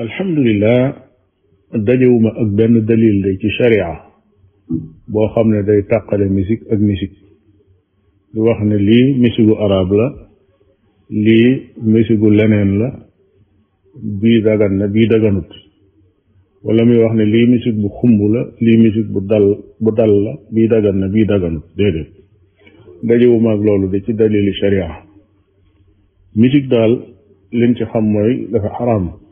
alhamdulilah dajewuma ak benn dalil day ci boo xam ne day taqale musique ak musique di wax ne lii musigu araab la lii musigu leneen la bii dagan na bii daganut wala muy wax ne lii musique bu xumb la lii musique bu dal la bii dagan na bii daganut déedéet dajewuma ak loolu de ci dalili sharia musique daal liñ ci xam mooy dafa xaraam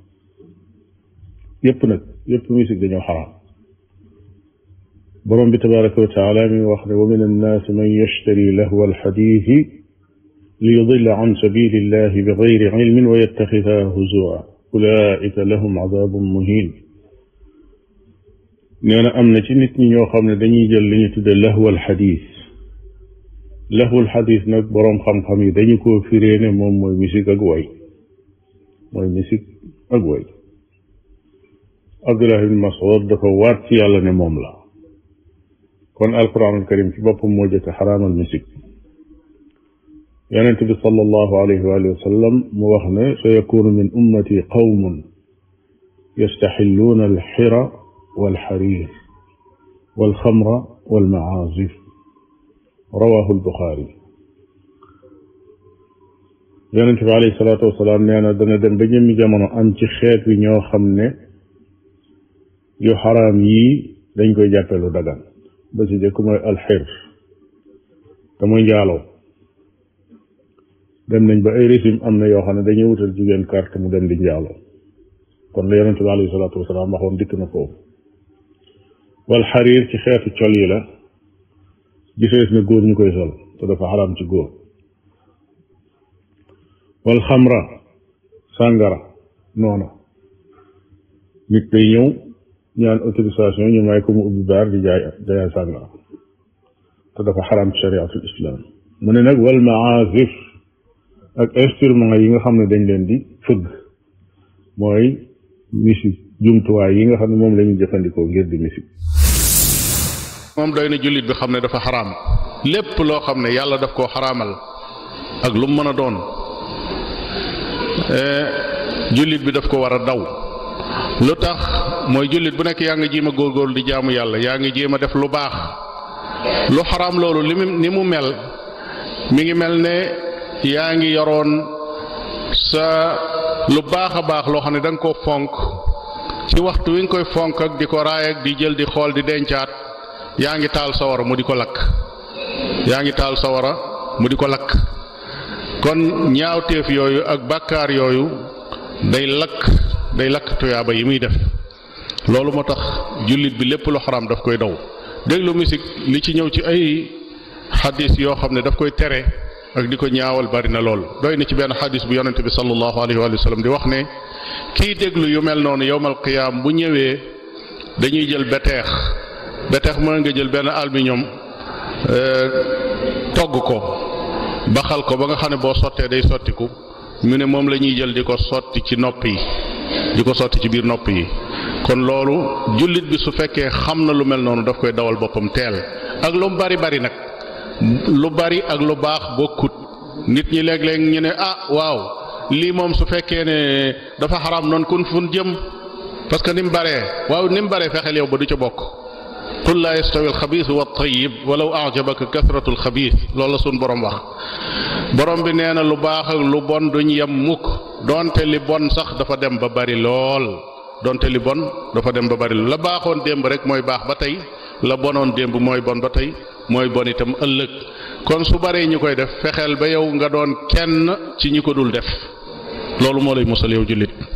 yëpp nag yëpp musique dañoo xaraam borom bi tabaraka wa taala mi wax ne wa min annaasi man yashtari lahwa alxadiisi li yudilla an sabili illahi bi gayri ilmin wa yattaxidaa huzua ulaika lahum adabun muhin nee na am na ci nit ñi ñoo xam ne dañuy jël li ñu tudde lahwa alxadiis lahwa alxadiis nag boroom xam-xam yi dañu koo firee ne moom mooy musique ak woy mooy musique ak woy Abdullah ibn Mas'ud dafa waat ci yàlla ne moom la kon alquranul karim ci boppam moo jëkk xaraamal misik yonent bi sallallahu alayhi wa sallam mu wax ne sa yakunu min ummati qawmun yastaxilluuna alxira walxarir walxamra walmaazif rawahu albuxaari yonent bi alayhi salaatu wasalaam nee na dana dem ba ñëmmi jamono am ci xeet wi ñoo xam ne yu xaraam yii dañ koy jàppe lu dagan ba ci jëkk mooy alxir te muy njaaloo dem nañ ba ay régime am na yoo xam ne dañuy wutal jigéen carte mu dem di njaaloo kon la yonente bi alayhi salaatu wasalaam waxoon dikk na foofu wal ci xeetu col yi la gisees na góor ñu koy sol te dafa xaraam ci góor wal xamra sàngara noona nit day ñëw ñaan autorisation ñu may ko mu ubbi baar di jaay jaay sàngara te dafa xaram chariatul islam mu ne nag wal maazif ak instrument yi nga xam ne dañ leen di fëgg mooy musique jumtuwaay yi nga xam ne moom lañuy jëfandikoo ngir di musique moom doy na jullit bi xam ne dafa xaram lépp loo xam ne yàlla daf koo xaraamal ak lu mën a doon eh, jullit bi daf ko war a daw lu tax mooy jullit bu nekk yaa ngi jéem a góor di jaamu yàlla yaa ngi jéem a def lu baax lu xaraam loolu li ni mu mel mi ngi mel ne yaa ngi yoroon sa lu baax a baax loo xam ne da ko fonk ci waxtu wi nga koy fonk ak di ko raay ak di jël di xool di dencaat yaa ngi taal sawara mu di ko lakk yaa ngi taal sawara mu di ko lakk kon ñaawteef yooyu ak bàkkaar yooyu day lakk day lakk tuyaaba yi muy def loolu moo tax jullit bi lépp lu xaraam daf koy daw déglu musique li ci ñëw ci ay xadis yoo xam ne daf koy tere ak di ko ñaawal bari na lool doy na ci benn xadis bu yonente bi sallallahu alayhi wa sallam di wax ne kiy déglu yu mel noonu yowmal qiyaam bu ñëwee dañuy jël beteex beteex mooy nga jël benn aluminium euh, togg ko baxal ko ba nga xam ne boo sottee day sottiku mu ne moom la ñuy jël di ko sotti ci nopp yi diko ko sotti ci biir nopp yi kon loolu jullit bi su fekkee xam na lu mel noonu daf koy dawal boppam teel ak lu bari bari nag lu bari ak lu baax bokkut nit ñi léeg-léeg ñu ne ah waaw lii moom su fekkee ne dafa xaraam noonu kun fun jëm parce que nim mu baree waaw ni mu baree fexeel yow ba du ca bokk qul laa yastawi alxabiis wa altayib walaw ajabaka kasratu alxabiis loolu la suñ borom wax borom bi nee na lu baax ak lu bon duñ yem mukk donte li bon sax dafa dem ba bari lool donte li bon dafa dem ba bari lool la baaxoon démb rek mooy baax ba tey la bonoon démb mooy bon ba tey mooy bon itam ëllëg kon su baree ñi koy def fexeel ba yow nga doon kenn ci ñi ko dul def loolu moo lay musal yow jullit